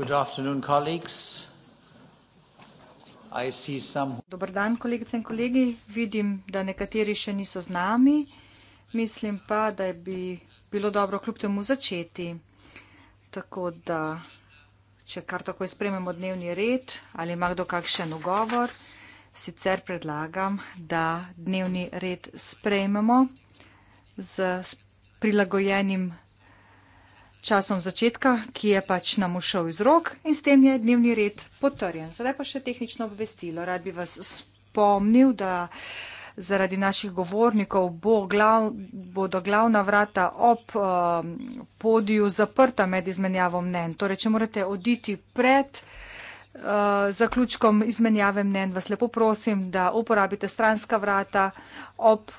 Good afternoon, colleagues. I see some... Dobar dan, kolegice in kolegi. Vidim, da nekateri še niso z nami. Mislim pa, da je bi bilo dobro kljub temu začeti. Tako da, če kar tako sprememo dnevni red ali ima kdo kakšen ugovor, sicer predlagam, da dnevni red sprememo z prilagojenim časom začetka, ki je pač nam ušel iz rok in s tem je dnevni red potrjen. Zdaj pa še tehnično obvestilo. Rad bi vas spomnil, da zaradi naših govornikov bo glav, bodo glavna vrata ob um, podiju zaprta med izmenjavom mnen. Torej, če morate oditi pred. Uh, zaključkom izmenjave mnen vas lepo prosim, da uporabite stranska vrata ob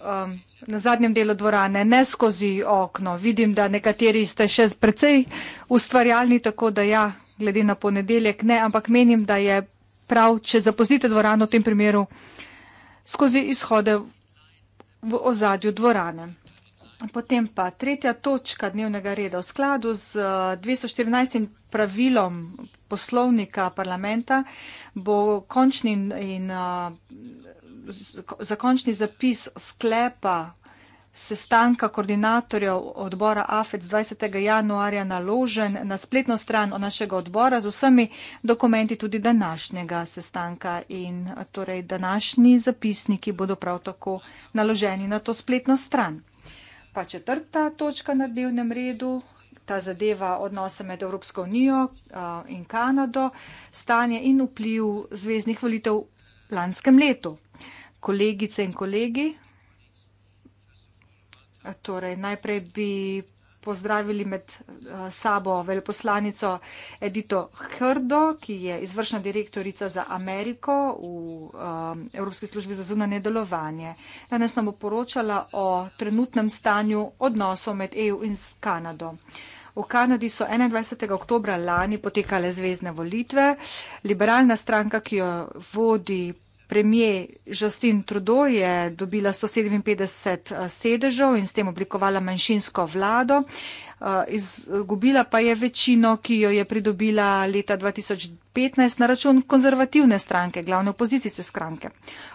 um, na zadnjem delu dvorane, ne skozi okno. Vidim, da nekateri ste še precej ustvarjalni, tako da ja, glede na ponedeljek ne, ampak menim, da je prav, če zapustite dvorano v tem primeru, skozi izhode v ozadju dvorane. Potem pa tretja točka dnevnega reda. V skladu z 214. Uh, pravilom poslovnika parlamenta bo končni in. in uh, zakončni zapis sklepa sestanka koordinatorjev odbora AFEC 20. januarja naložen na spletno stran našega odbora z vsemi dokumenti tudi današnjega sestanka in torej današnji zapisniki bodo prav tako naloženi na to spletno stran. Pa četrta točka na dnevnem redu, ta zadeva odnose med Evropsko unijo in Kanado, stanje in vpliv zvezdnih volitev lanskem letu. Kolegice in kolegi, torej najprej bi pozdravili med eh, sabo veljoposlanico Edito Hrdo, ki je izvršna direktorica za Ameriko v eh, Evropski službi za zunanje delovanje. Danes nam bo poročala o trenutnem stanju odnosov med EU in Kanado. V Kanadi so 21. oktobra lani potekale zvezdne volitve. Liberalna stranka, ki jo vodi premije Justin Trudeau, je dobila 157 eh, sedežev in s tem oblikovala manjšinsko vlado izgubila pa je večino, ki jo je pridobila leta 2015 na račun konzervativne stranke, glavne opozicijske stranke.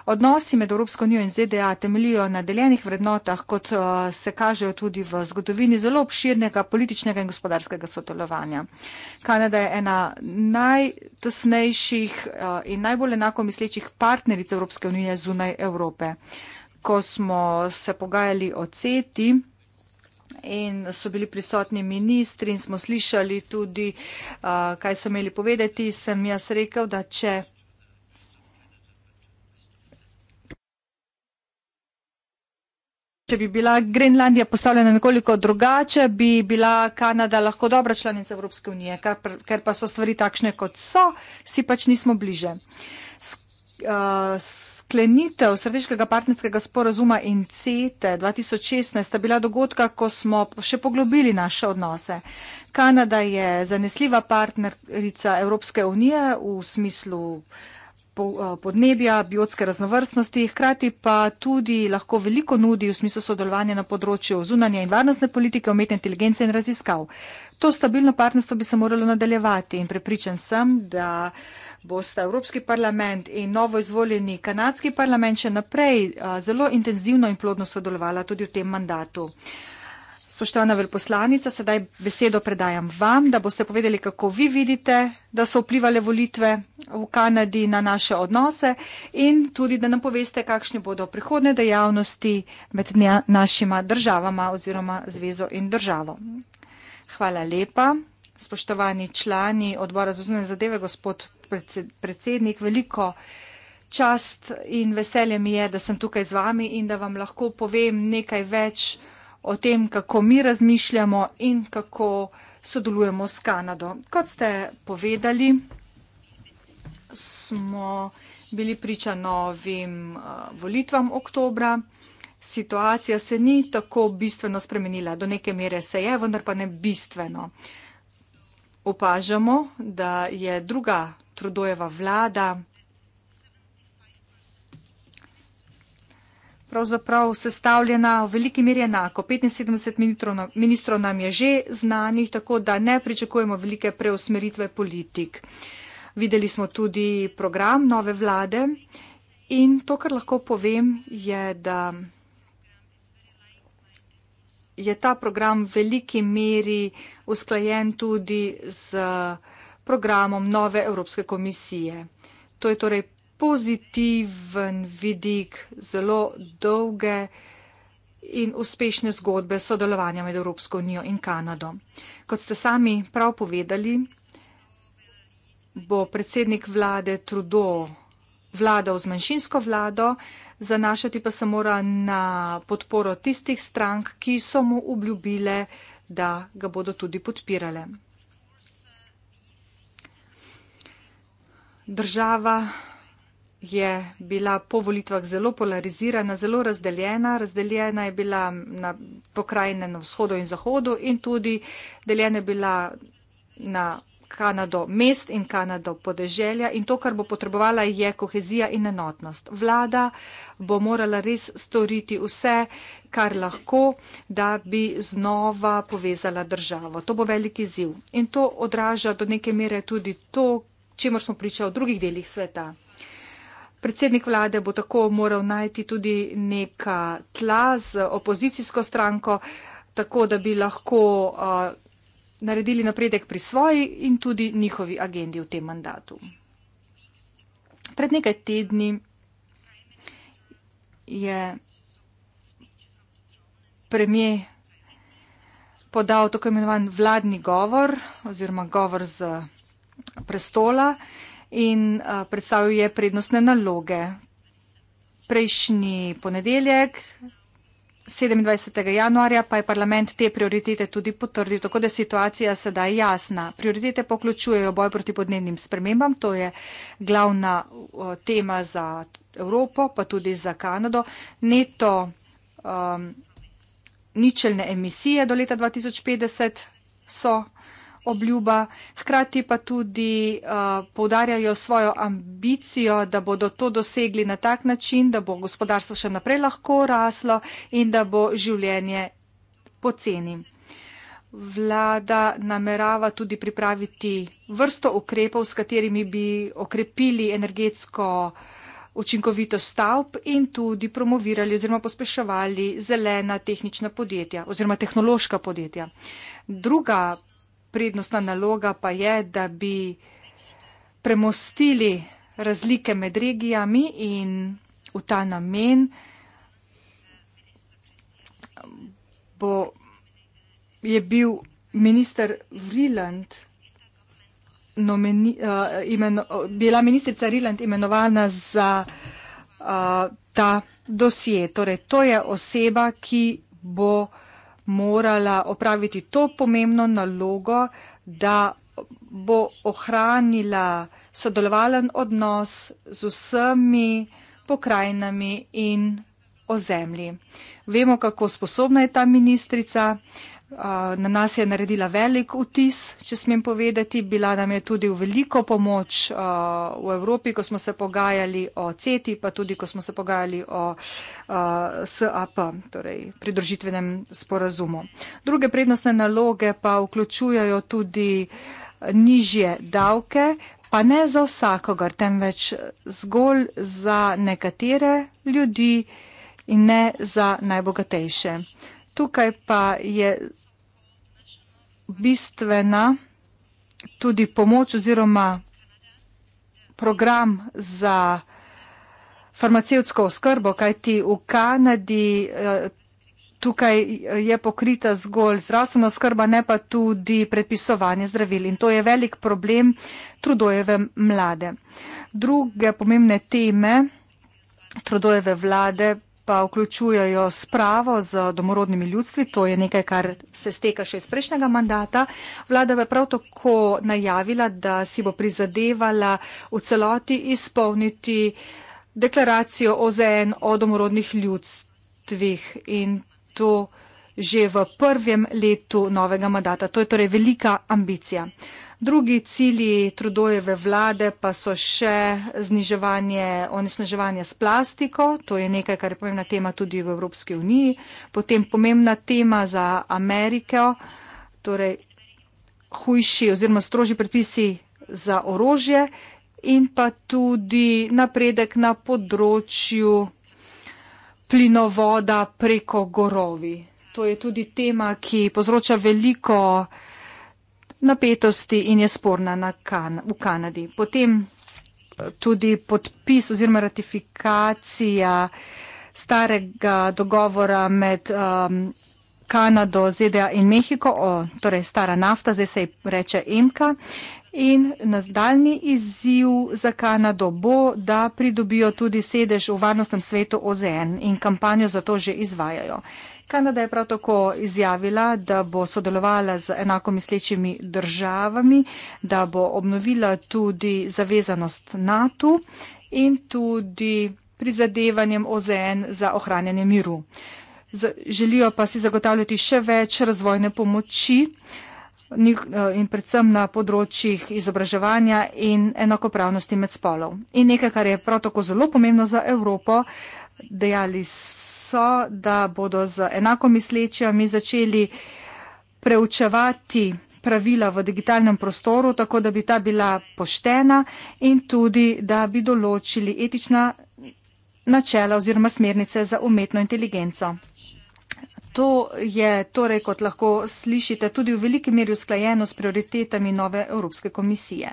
Odnosi med Evropsko unijo in ZDA temeljijo na deljenih vrednotah, kot se kažejo tudi v zgodovini zelo obširnega političnega in gospodarskega sodelovanja. Kanada je ena najtesnejših in najbolj enako mislečih partneric Evropske unije zunaj Evrope. Ko smo se pogajali o CETI, in so bili prisotni ministri in smo slišali tudi, uh, kaj so imeli povedati, sem jaz rekel, da če Če bi bila Grenlandija postavljena nekoliko drugače, bi bila Kanada lahko dobra članica Evropske unije, ker pa so stvari takšne, kot so, si pač nismo bliže. Uh, Eh, sklenitev strateškega partnerskega sporazuma in CETE 2016 sta bila dogodka, ko smo še poglobili naše odnose. Kanada je zanesljiva partnerica Evropske unije v smislu eh, podnebja, biotske raznovrstnosti, hkrati pa tudi lahko veliko nudi v smislu sodelovanja na področju zunanje in varnostne politike, umetne inteligence in raziskav. To stabilno partnerstvo bi se moralo nadaljevati in prepričan sem, da bosta Evropski parlament in novo izvoljeni kanadski parlament še naprej zelo intenzivno in plodno sodelovala tudi v tem mandatu. Spoštovana velposlanica, sedaj besedo predajam vam, da boste povedali, kako vi vidite, da so vplivali volitve v Kanadi na naše odnose in tudi, da nam poveste, kakšne bodo prihodne dejavnosti med našima državama oziroma zvezo in državo. Hvala lepa. Spoštovani člani odbora za zunanje zadeve, gospod predsednik, veliko čast in veselje mi je, da sem tukaj z vami in da vam lahko povem nekaj več o tem, kako mi razmišljamo in kako sodelujemo s Kanado. Kot ste povedali, smo bili priča novim volitvam oktobra situacija se ni tako bistveno spremenila. Do neke mere se je, vendar pa ne bistveno. Opažamo, da je druga trudojeva vlada pravzaprav sestavljena v veliki meri enako. 75 ministrov, ministrov nam je že znanih, tako da ne pričakujemo velike preusmeritve politik. Videli smo tudi program nove vlade in to, kar lahko povem, je, da je ta program v veliki meri usklajen tudi z programom nove Evropske komisije. To je torej pozitiven vidik zelo dolge in uspešne zgodbe sodelovanja med Evropsko unijo in Kanado. Kot ste sami prav povedali, bo predsednik vlade Trudeau vladal z manjšinsko vlado, zanašati pa se mora na podporo tistih strank, ki so mu obljubile, da ga bodo tudi podpirale. Država je bila po volitvah zelo polarizirana, zelo razdeljena. Razdeljena je bila na pokrajine na vzhodu in zahodu in tudi deljena je bila na Kanado mest in Kanado podeželja in to, kar bo potrebovala, je kohezija in enotnost. Vlada bo morala res storiti vse, kar lahko, da bi znova povezala državo. To bo veliki ziv in to odraža do neke mere tudi to, čemor smo pričali v drugih delih sveta. Predsednik vlade bo tako moral najti tudi neka tla z opozicijsko stranko, tako da bi lahko uh, naredili napredek pri svoji in tudi njihovi agendi v tem mandatu. Pred nekaj tedni je premije podal tako imenovan vladni govor oziroma govor z prestola in eh, predstavil je prednostne naloge. Prejšnji ponedeljek 27. januarja pa je parlament te prioritete tudi potrdil, tako da je situacija sedaj jasna. Prioritete poključujejo boj proti podnebnim spremembam, to je glavna tema za Evropo, pa tudi za Kanado. Neto um, ničelne emisije do leta 2050 so obljuba, hkrati pa tudi uh, povdarjajo svojo ambicijo, da bodo to dosegli na tak način, da bo gospodarstvo še naprej lahko raslo in da bo življenje poceni. Vlada namerava tudi pripraviti vrsto ukrepov, s katerimi bi okrepili energetsko učinkovito stavb in tudi promovirali oziroma pospeševali zelena tehnična podjetja oziroma tehnološka podjetja. Druga prednostna naloga pa je, da bi premostili razlike med regijami in v ta namen bo, je bil minister Vriland. Nomeni, uh, eh, imeno, bila ministrica Riland imenovana za uh, ta dosje. Torej, to je oseba, ki bo uh, morala opraviti to pomembno nalogo, da bo ohranila sodelovalen odnos z vsemi pokrajinami in ozemlji. Vemo, kako sposobna je ta ministrica, na nas je naredila velik vtis, če smem povedati. Bila nam je tudi v veliko pomoč v Evropi, ko smo se pogajali o CETI, pa tudi ko smo se pogajali o SAP, torej pridružitvenem sporazumu. Druge prednostne naloge pa vključujajo tudi nižje davke. Pa ne za vsakogar, temveč zgolj za nekatere ljudi in ne za najbogatejše. Tukaj pa je bistvena tudi pomoč oziroma program za farmacevtsko oskrbo, kajti v Kanadi eh, tukaj je pokrita zgolj zdravstvena oskrba, ne pa tudi predpisovanje zdravil. In to je velik problem trudojeve mlade. Druge pomembne teme trudojeve vlade pa vključujejo spravo z domorodnimi ljudstvi, to je nekaj, kar se steka še iz prejšnjega mandata. Vlada je prav tako najavila, da si bo prizadevala v celoti izpolniti deklaracijo OZN o domorodnih ljudstvih in to že v prvem letu novega mandata. To je torej velika ambicija. Drugi cilji trudojeve vlade pa so še zniževanje onesnaževanja s plastiko, to je nekaj, kar je pomembna tema tudi v Evropski uniji, potem pomembna tema za Ameriko, torej hujši oziroma strožji predpisi za orožje in pa tudi napredek na področju plinovoda preko gorovi. To je tudi tema, ki povzroča veliko napetosti in je sporna na kan v Kanadi. Potem eh, tudi podpis oziroma ratifikacija starega dogovora med um, Kanado, ZDA in Mehiko, o, torej stara nafta, zdaj se ji reče Emka. In nadaljni izziv za Kanado bo, da pridobijo tudi sedež v varnostnem svetu OZN in kampanjo za to že izvajajo. Kanada je prav tako izjavila, da bo sodelovala z enakomislečimi državami, da bo obnovila tudi zavezanost NATO in tudi prizadevanjem OZN za ohranjanje miru. Z, želijo pa si zagotavljati še več razvojne pomoči eh, in predvsem na področjih izobraževanja in enakopravnosti med spolov. In nekaj, kar je prav tako zelo pomembno za Evropo, dejali so, da bodo z enako mislečami začeli preučevati pravila v digitalnem prostoru, tako da bi ta bila poštena in tudi, da bi določili etična načela oziroma smernice za umetno inteligenco. To je torej, kot lahko slišite, tudi v veliki meri usklajeno s prioritetami nove Evropske komisije.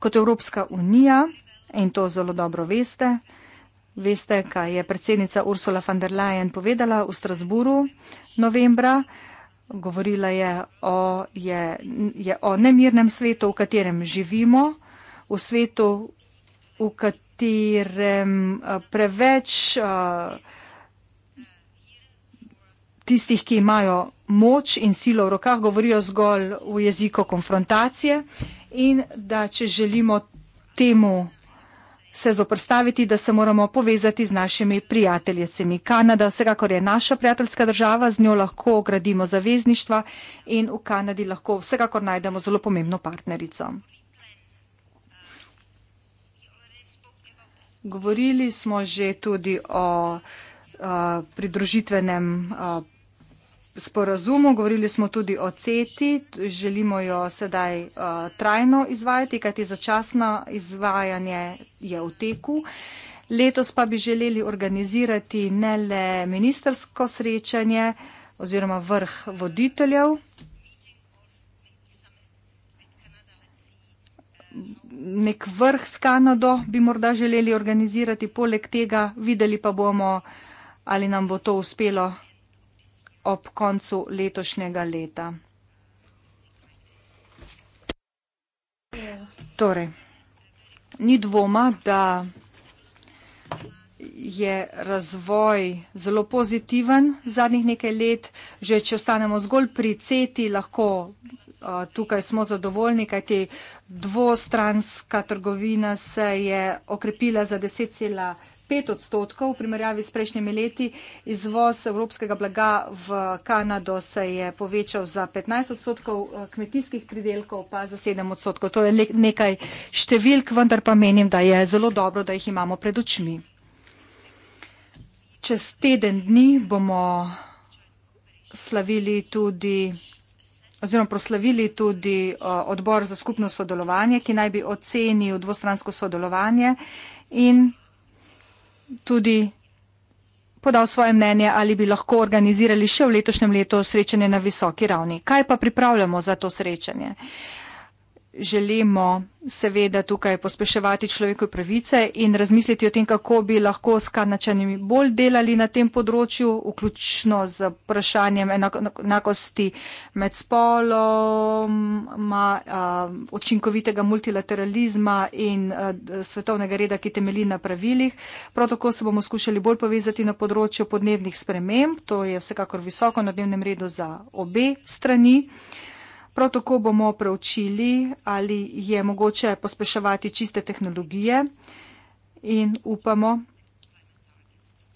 Kot Evropska unija, in to zelo dobro veste, Veste, kaj je predsednica Ursula von der Leyen povedala v Strasburu novembra. Govorila je o, je, je o nemirnem svetu, v katerem živimo, v svetu, v katerem eh, preveč eh, tistih, ki imajo moč in silo v rokah, govorijo zgolj v jeziku konfrontacije in da če želimo temu se zoprstaviti, da se moramo povezati z našimi prijateljicami. Kanada vsekakor je naša prijateljska država, z njo lahko gradimo zavezništva in v Kanadi lahko vsekakor najdemo zelo pomembno partnerico. Govorili smo že tudi o a, eh, pridružitvenem a, eh, sporazumu, govorili smo tudi o CETI, želimo jo sedaj uh, trajno izvajati, kajti začasno izvajanje je v teku. Letos pa bi želeli organizirati ne le ministersko srečanje oziroma vrh voditeljev. Nek vrh s Kanado bi morda želeli organizirati, poleg tega videli pa bomo, ali nam bo to uspelo ob koncu letošnjega leta. Torej, ni dvoma, da je razvoj zelo pozitiven zadnjih nekaj let. Že če ostanemo zgolj pri CETI, lahko uh, tukaj smo zadovoljni, kajti dvostranska trgovina se je okrepila za 10,5 pet odstotkov v primerjavi s prejšnjimi leti. Izvoz evropskega blaga v Kanado se je povečal za 15 odstotkov, eh, kmetijskih pridelkov pa za 7 odstotkov. To je nekaj številk, vendar pa menim, da je zelo dobro, da jih imamo pred očmi. Čez teden dni bomo slavili tudi oziroma proslavili tudi eh, odbor za skupno sodelovanje, ki naj bi ocenil dvostransko sodelovanje in tudi podal svoje mnenje, ali bi lahko organizirali še v letošnjem letu srečanje na visoki ravni. Kaj pa pripravljamo za to srečanje? Uh, želimo seveda tukaj pospeševati človekove pravice in razmisliti o tem, kako bi lahko s kanačanimi bolj delali na tem področju, vključno z vprašanjem enakosti med spolom, očinkovitega multilateralizma in svetovnega reda, ki temeli na pravilih. Prav tako se bomo skušali bolj povezati na področju podnebnih sprememb, to je vsekakor visoko na dnevnem redu za obe strani. Prav tako bomo preučili, ali je mogoče pospeševati čiste tehnologije in upamo,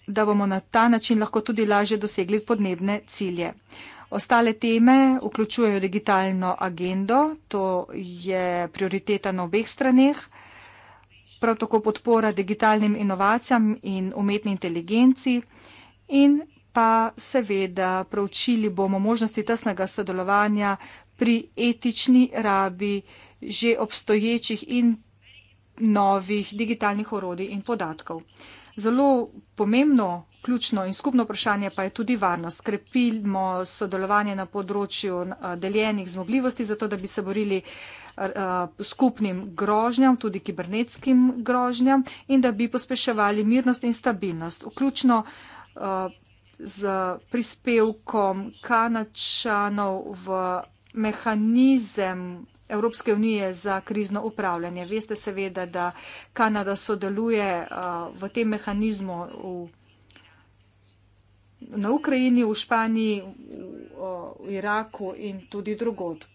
da bomo na ta način lahko tudi lažje dosegli podnebne cilje. Ostale teme vključujejo digitalno agendo, to je prioriteta na obeh straneh, prav tako podpora digitalnim inovacijam in umetni inteligenci in pa seveda proučili bomo možnosti tesnega sodelovanja pri etični rabi že obstoječih in novih digitalnih orodij in podatkov. Zelo pomembno, ključno in skupno vprašanje pa je tudi varnost. Krepimo sodelovanje na področju eh, deljenih zmogljivosti, zato da bi se borili eh, eh, skupnim grožnjam, tudi kibernetskim grožnjam in da bi pospeševali mirnost in stabilnost, vključno z prispevkom kanačanov v mehanizem Evropske unije za krizno upravljanje. Veste seveda, da Kanada sodeluje uh, v tem mehanizmu v, na Ukrajini, v Španiji, v, v, v Iraku in tudi drugod.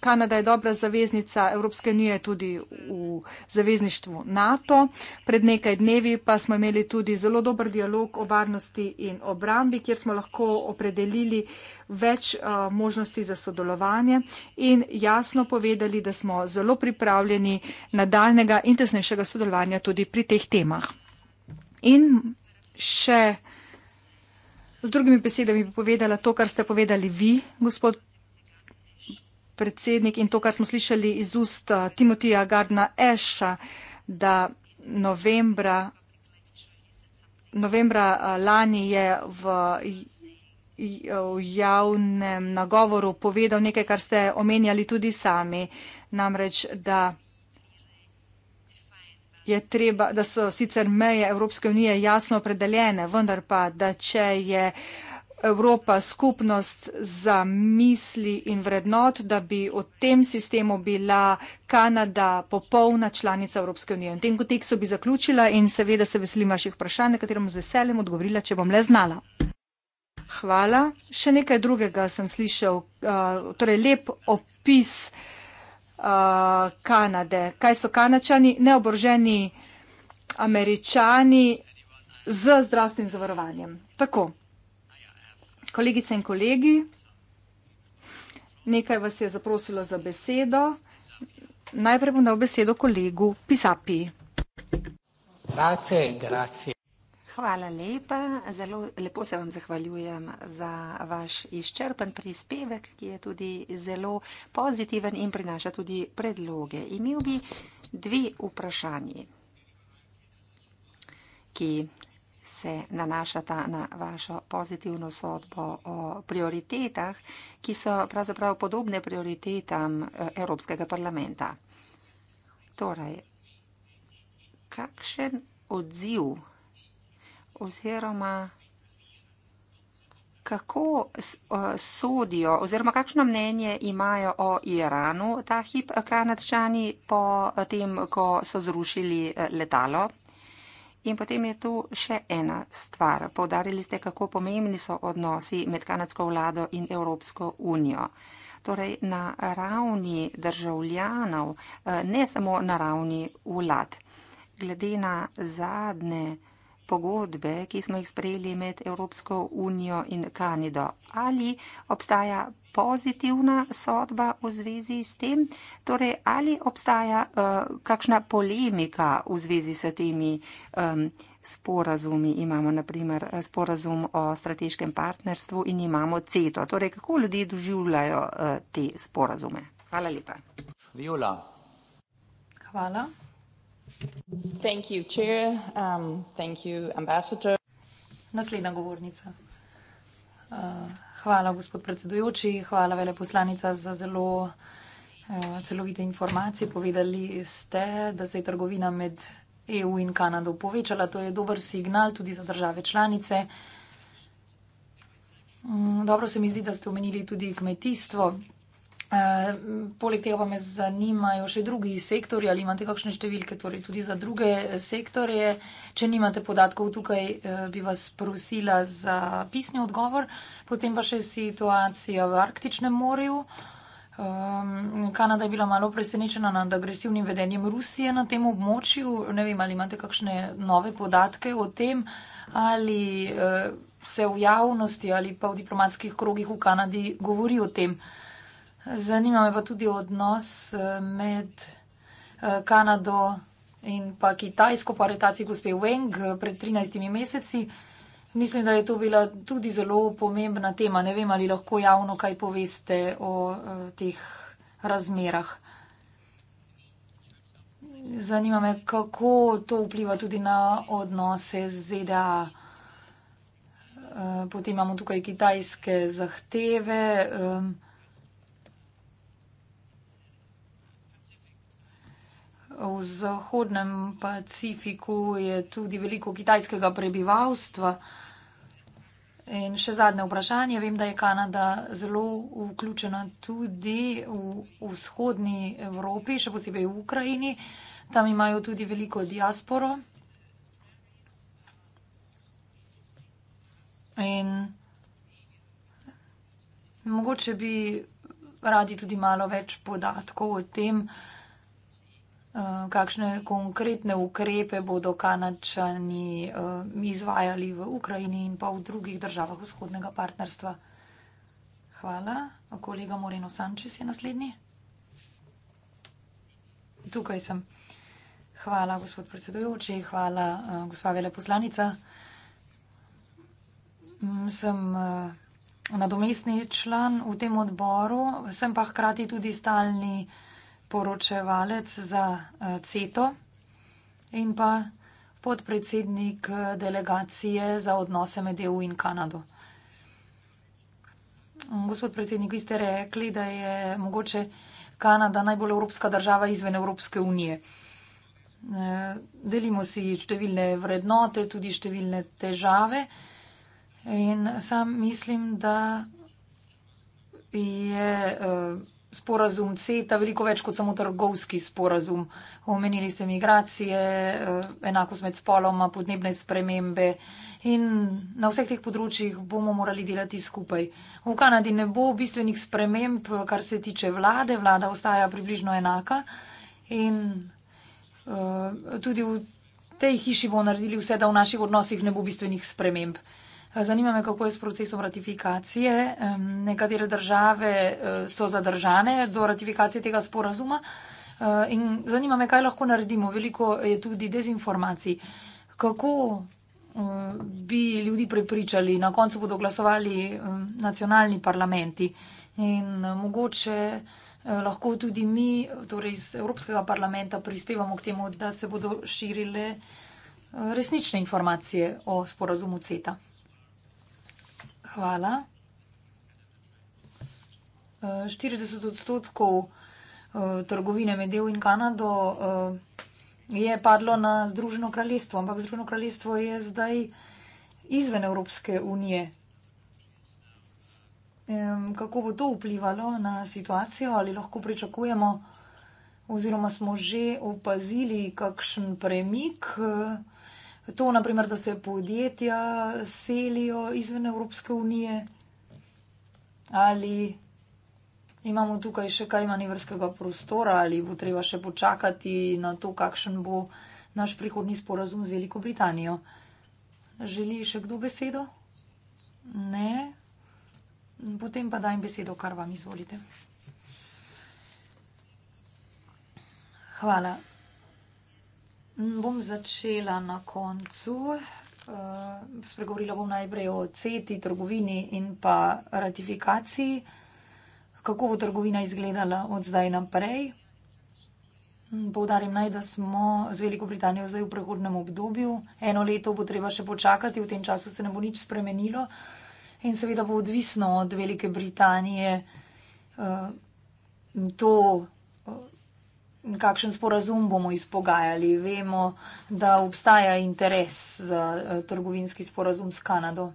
Kanada je dobra zaveznica Evropske unije tudi v zavezništvu NATO. Pred nekaj dnevi pa smo imeli tudi zelo dober dialog o varnosti in obrambi, kjer smo lahko opredelili več uh, možnosti za sodelovanje in jasno povedali, da smo zelo pripravljeni nadaljnega in tesnejšega sodelovanja tudi pri teh temah. In še z drugimi besedami bi povedala to, kar ste povedali vi, gospod predsednik in to, kar smo slišali iz ust eh, Timotija Gardna Eša, da novembra, novembra eh, lani je v v javnem nagovoru povedal nekaj, kar ste omenjali tudi sami, namreč, da, treba, da so sicer meje Evropske unije jasno opredeljene, vendar pa, da če je uh, Evropa skupnost za misli in vrednot, da bi v tem sistemu bila Kanada popolna članica Evropske unije. V tem kontekstu bi zaključila in seveda se veselim vaših vprašanj, na katerem z veseljem odgovorila, če bom le znala. Hvala. Še nekaj drugega sem slišal, uh, torej lep opis uh, Kanade. Kaj so kanačani, neoboroženi američani z zdravstvenim zavarovanjem. Tako. Kolegice in kolegi, nekaj vas je zaprosilo za besedo. Najprej bom dal besedo kolegu Pisapi. Grazie, grazie. Hvala lepa, zelo lepo se vam zahvaljujem za vaš izčrpen prispevek, ki je tudi zelo pozitiven in prinaša tudi predloge. Imel bi dve vprašanje, ki se nanašata na vašo pozitivno sodbo o prioritetah, ki so pravzaprav podobne prioritetam eh, Evropskega parlamenta. Torej, kakšen odziv oziroma kako eh, sodijo oziroma kakšno mnenje imajo o Iranu ta hip eh, kanadčani po tem, ko so zrušili letalo? In potem je tu še ena stvar. Povdarili ste, kako pomembni so odnosi med kanadsko vlado in Evropsko unijo. Torej na ravni državljanov, eh, ne samo na ravni vlad. Glede na zadnje pogodbe, ki smo jih sprejeli med Evropsko unijo in Kanido. Ali obstaja pozitivna sodba v zvezi s tem? Torej, ali obstaja uh, kakšna polemika v zvezi s temi um, sporazumi? Imamo naprimer eh, sporazum o strateškem partnerstvu in imamo CETO. Torej, kako ljudje doživljajo uh, te sporazume? Hvala lepa. Viola. Hvala. Thank you, chair. Um, thank you, ambassador. Naslednja govornica. Uh, hvala, gospod predsedujoči, hvala, veleposlanica, za zelo uh, celovite informacije. Povedali ste, da se je trgovina med EU in Kanado povečala. To je dober signal tudi za države članice. Um, dobro se mi zdi, da ste omenili tudi kmetijstvo. Eh, poleg tega pa me zanimajo še drugi sektori, ali imate kakšne številke, torej tudi za druge sektorje. Če nimate podatkov tukaj, eh, bi vas prosila za pisni odgovor. Potem pa še situacija v Arktičnem morju. Um, Kanada je bila malo presenečena nad agresivnim vedenjem Rusije na tem območju. Ne vem, ali imate kakšne nove podatke o tem, ali uh, se v javnosti ali pa v diplomatskih krogih v Kanadi govori o tem. Uh, Zanima me pa tudi odnos eh, med eh, Kanado in pa Kitajsko po aretaciji gospe Weng eh, pred 13 meseci. Mislim, da je to bila tudi zelo pomembna tema. Ne vem, ali lahko javno kaj poveste o teh razmerah. Zanima me, kako to vpliva tudi na odnose z ZDA. Potem imamo tukaj kitajske zahteve. Zanima me, kako to vpliva tudi na odnose z ZDA. V Zahodnem Pacifiku je tudi veliko kitajskega prebivalstva. In še zadnje vprašanje. Vem, da je Kanada zelo vključena tudi v vzhodni Evropi, še posebej v Ukrajini. Tam imajo tudi veliko diasporo. In mogoče bi radi tudi malo več podatkov o tem, kako. Eh, kakšne konkretne ukrepe bodo kanačani eh, izvajali v Ukrajini in pa v drugih državah vzhodnega partnerstva. Hvala. Kolega Moreno Sančes je naslednji. Tukaj sem. Hvala, gospod predsedujoči, hvala, eh, gospa veleposlanica. Mm, sem nadomestni član v tem odboru, sem pa hkrati tudi stalni predsednik poročevalec za eh, CETO in pa podpredsednik eh, delegacije za odnose med EU in Kanado. Gospod predsednik, vi ste rekli, da je mogoče Kanada najbolj evropska država izven Evropske unije. Eh, delimo si številne vrednote, tudi številne težave in sam mislim, da je sporazum CETA veliko več kot samo trgovski sporazum. Omenili ste migracije, eh, enakost med spoloma, podnebne spremembe in na vseh teh področjih bomo morali delati skupaj. V Kanadi ne bo bistvenih sprememb, kar se tiče vlade, vlada ostaja približno enaka in eh, tudi v tej hiši bomo naredili vse, da v naših odnosih ne bo bistvenih sprememb. Zanima me, kako je s procesom ratifikacije. Nekatere države e, so zadržane do ratifikacije tega sporazuma. E, in zanima me, kaj lahko naredimo. Veliko je tudi dezinformacij. Kako e, bi ljudi prepričali, na koncu bodo glasovali nacionalni parlamenti in mogoče lahko tudi mi, torej iz Evropskega parlamenta, prispevamo k temu, da se bodo širile resnične informacije o sporazumu CETA. Hvala. 40 eh, odstotkov eh, trgovine med EU in Kanado eh, je padlo na Združeno kraljestvo, ampak Združeno kraljestvo je zdaj izven Evropske unije. Kako bo to vplivalo na situacijo, ali lahko pričakujemo, oziroma smo že opazili kakšen premik? To, naprimer, da se podjetja selijo izven Evropske unije, ali imamo tukaj še kaj manevrskega prostora, ali bo treba še počakati na to, kakšen bo naš prihodni sporazum z Veliko Britanijo. Želi še kdo besedo? Ne. Potem pa dajem besedo, kar vam izvolite. Hvala. Bom začela na koncu. Eh, spregovorila bom najprej o CETI, trgovini in pa ratifikaciji. Kako bo trgovina izgledala od zdaj naprej? Hm, Povdarim naj, da smo z Veliko Britanijo zdaj v prehodnem obdobju. Eno leto bo treba še počakati, v tem času se ne bo nič spremenilo in seveda bo odvisno od Velike Britanije eh, to, kakšen sporazum bomo izpogajali. Vemo, da obstaja interes za eh, trgovinski sporazum s Kanado.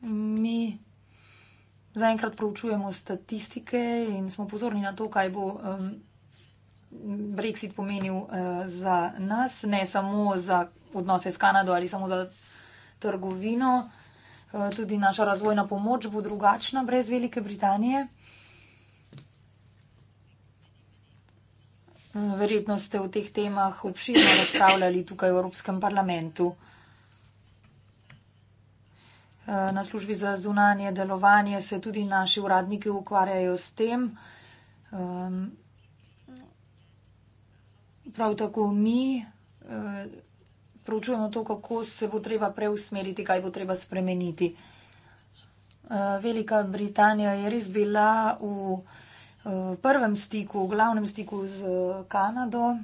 Mi zaenkrat proučujemo statistike in smo pozorni na to, kaj bo Brexit pomenil eh, za nas, ne samo za odnose s Kanado ali samo za trgovino. Eh, tudi naša razvojna pomoč bo drugačna brez Velike Britanije. Verjetno ste o teh temah obširno razpravljali tukaj v Evropskem parlamentu. Eh, na službi za zunanje delovanje se tudi naši uradniki ukvarjajo s tem. Ehm, prav tako mi eh, pročujemo to, kako se bo treba preusmeriti, kaj bo treba spremeniti. Eh, Velika Britanija je res bila v Evropskem parlamentu prvem stiku, v glavnem stiku z eh, Kanado,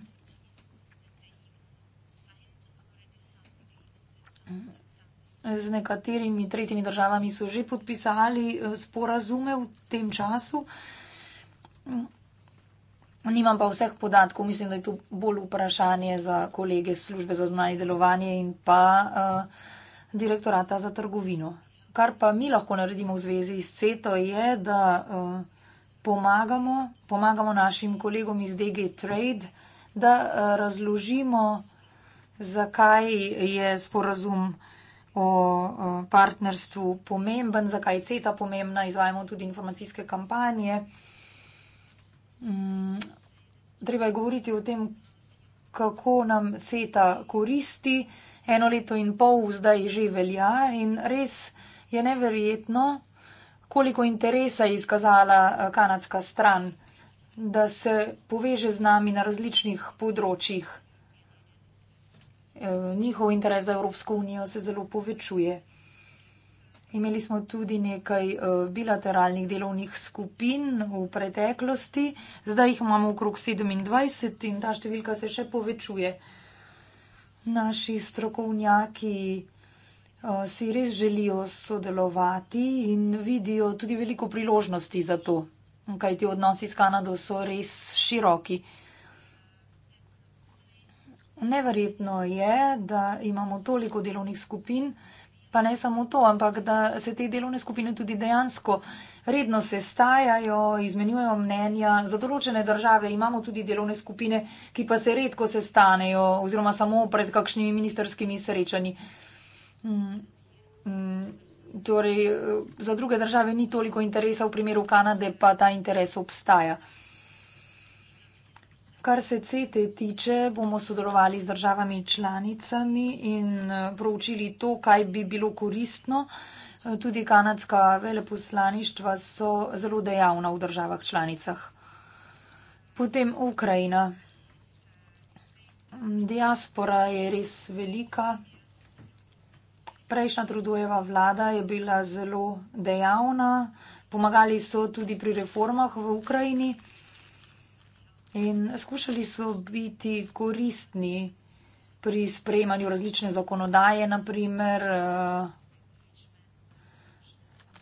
z nekaterimi tretjimi državami so že podpisali eh, sporazume v tem času. Nimam pa vseh podatkov, mislim, da je to bolj vprašanje za kolege službe za zunanje delovanje in pa eh, direktorata za trgovino. Kar pa mi lahko naredimo v zvezi s CETO je, da pomagamo, pomagamo našim kolegom iz DG Trade, da eh, razložimo, zakaj je sporazum o eh, partnerstvu pomemben, zakaj je CETA pomembna, izvajamo tudi informacijske kampanje. Mm, treba je govoriti o tem, kako nam CETA koristi. Eno leto in pol zdaj že velja in res je neverjetno, koliko interesa je izkazala eh, kanadska stran, da se poveže z nami na različnih področjih. Eh, njihov interes za Evropsko unijo se zelo povečuje. Imeli smo tudi nekaj eh, bilateralnih delovnih skupin v preteklosti, zdaj jih imamo okrog 27 in ta številka se še povečuje. Naši strokovnjaki Eh, si res želijo sodelovati in vidijo tudi veliko priložnosti za to, kaj ti odnosi s Kanado so res široki. Neverjetno je, da imamo toliko delovnih skupin, pa ne samo to, ampak da se te delovne skupine tudi dejansko redno sestajajo, izmenjujejo mnenja. Za določene države imamo tudi delovne skupine, ki pa se redko sestanejo oziroma samo pred kakšnimi ministerskimi srečanji. Mm, mm, torej, eh, za druge države ni toliko interesa, v primeru Kanade pa ta interes obstaja. Kar se CETE tiče, bomo sodelovali z državami članicami in eh, proučili to, kaj bi bilo koristno. Eh, tudi kanadska veleposlaništva so zelo dejavna v državah članicah. Potem Ukrajina. Diaspora je res velika prejšnja trudujeva vlada je bila zelo dejavna, pomagali so tudi pri reformah v Ukrajini in skušali so biti koristni pri sprejemanju različne zakonodaje, naprimer eh,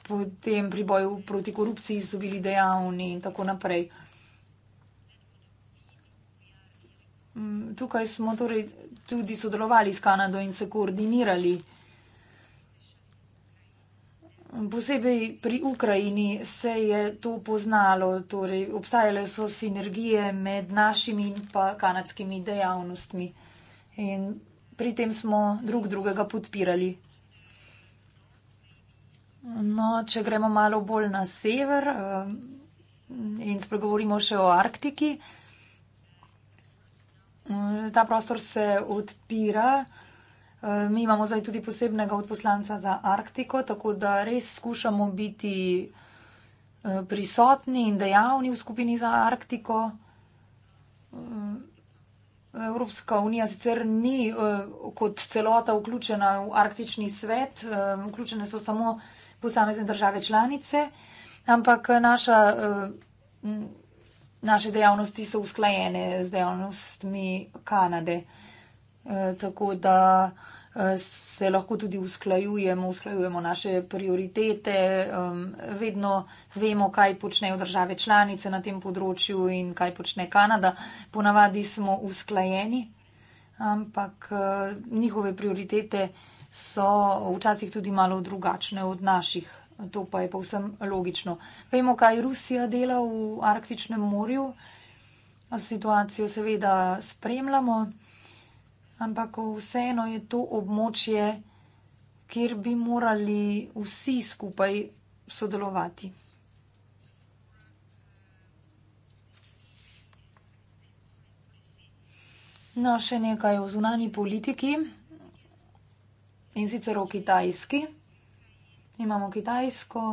potem pri boju proti korupciji so bili dejavni in tako naprej. Mm, tukaj smo torej tudi sodelovali s Kanado in se koordinirali. Posebej pri Ukrajini se je to poznalo, torej obstajale so sinergije med našimi in pa kanadskimi dejavnostmi in pri tem smo drug drugega podpirali. No, če gremo malo bolj na sever eh, in spregovorimo še o Arktiki, mm, ta prostor se odpira. Eh, mi imamo zdaj tudi posebnega odposlanca za Arktiko, tako da res skušamo biti eh, prisotni in dejavni v skupini za Arktiko. Eh, Evropska unija sicer ni kot celota vključena v arktični svet, vključene so samo posamezne države članice, ampak naša, naše dejavnosti so usklajene z dejavnostmi Kanade. Eh, tako da eh, se lahko tudi usklajujemo, usklajujemo naše prioritete, vedno vemo, kaj počnejo države članice na tem področju in kaj počne Kanada. Ponavadi smo usklajeni, ampak eh, njihove prioritete so včasih tudi malo drugačne od naših. To pa je povsem logično. Vemo, kaj Rusija dela v Arktičnem morju. Situacijo seveda spremljamo ampak vseeno je to območje, kjer bi morali vsi skupaj sodelovati. No, še nekaj o zunani politiki in sicer o Kitajski. Imamo Kitajsko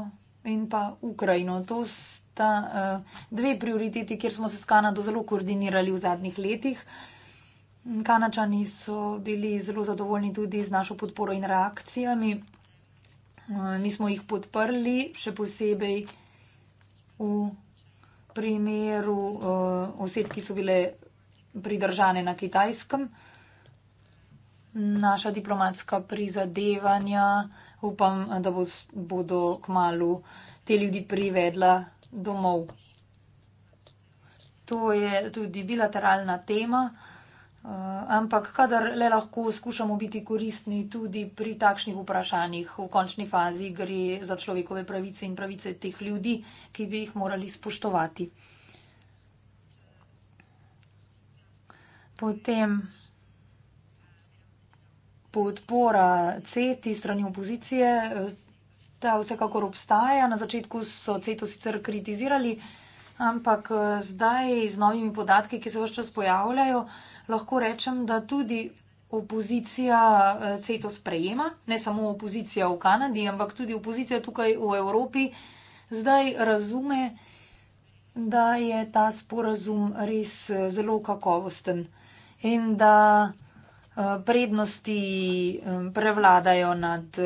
in pa Ukrajino. To sta uh, dve prioriteti, kjer smo se s Kanado zelo koordinirali v zadnjih letih. Uh, Kanačani so bili zelo zadovoljni tudi z našo podporo in reakcijami. Eh, mi smo jih podprli, še posebej v primeru eh, oseb, ki so bile pridržane na kitajskem. Naša diplomatska prizadevanja, upam, da bo, bodo k malu te ljudi privedla domov. To je tudi bilateralna tema. Eh, ampak kadar le lahko skušamo biti koristni tudi pri takšnih vprašanjih, v končni fazi gre za človekove pravice in pravice teh ljudi, ki bi jih morali spoštovati. Potem podpora CETI strani opozicije, eh, ta vsekakor obstaja. Na začetku so CETO sicer kritizirali, ampak eh, zdaj z novimi podatki, ki se vse čas pojavljajo, lahko rečem, da tudi opozicija eh, CETO sprejema, ne samo opozicija v Kanadi, ampak tudi opozicija tukaj v Evropi, zdaj razume, da je ta sporazum res eh, zelo kakovosten in da eh, prednosti prevladajo nad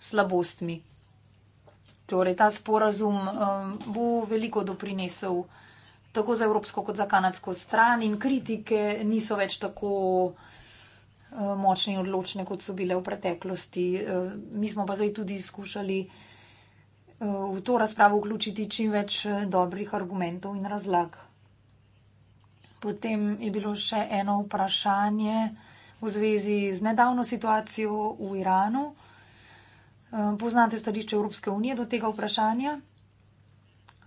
slabostmi. Torej, ta sporazum bo veliko doprinesel tako za evropsko kot za kanadsko stran in kritike niso več tako eh, močne in odločne, kot so bile v preteklosti. Eh, mi smo pa zdaj tudi skušali eh, v to razpravo vključiti čim več dobrih argumentov in razlag. Potem je bilo še eno vprašanje v zvezi z nedavno situacijo v Iranu. Poznate stališče Evropske unije do tega vprašanja?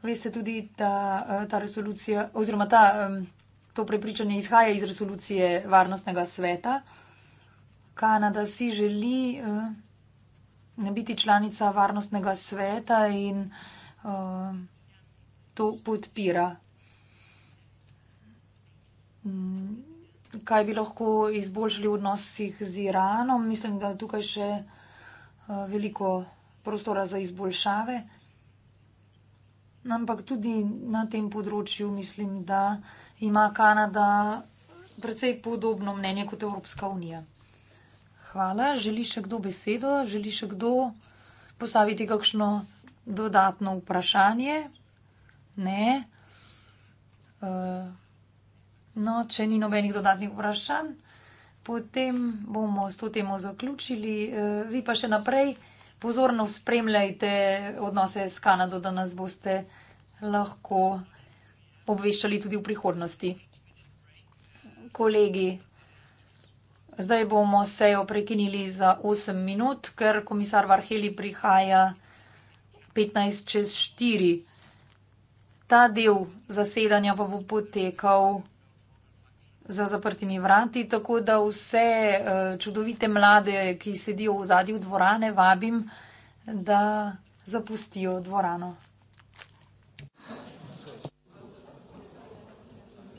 Veste tudi, da eh, ta resolucija, oziroma ta, to prepričanje izhaja iz resolucije Varnostnega sveta. Kanada si želi eh, ne biti članica Varnostnega sveta in eh, to podpira. Kaj bi lahko izboljšali v odnosih z Iranom? Mislim, da tukaj še veliko prostora za izboljšave ampak tudi na tem področju mislim, da ima Kanada precej podobno mnenje kot Evropska unija. Hvala. Želi še kdo besedo? Želi še kdo postaviti kakšno dodatno vprašanje? Ne. Uh, no, če ni nobenih dodatnih vprašanj, potem bomo s to temo zaključili. Uh, vi pa še naprej pozorno spremljajte odnose s Kanado, da nas boste lahko obveščali tudi v prihodnosti. Kolegi, zdaj bomo sejo prekinili za 8 minut, ker komisar Varheli prihaja 15 čez 4. Ta del zasedanja pa bo potekal za zaprtimi vrati, tako da vse eh, čudovite mlade, ki sedijo v zadnji dvorane, vabim, da zapustijo dvorano.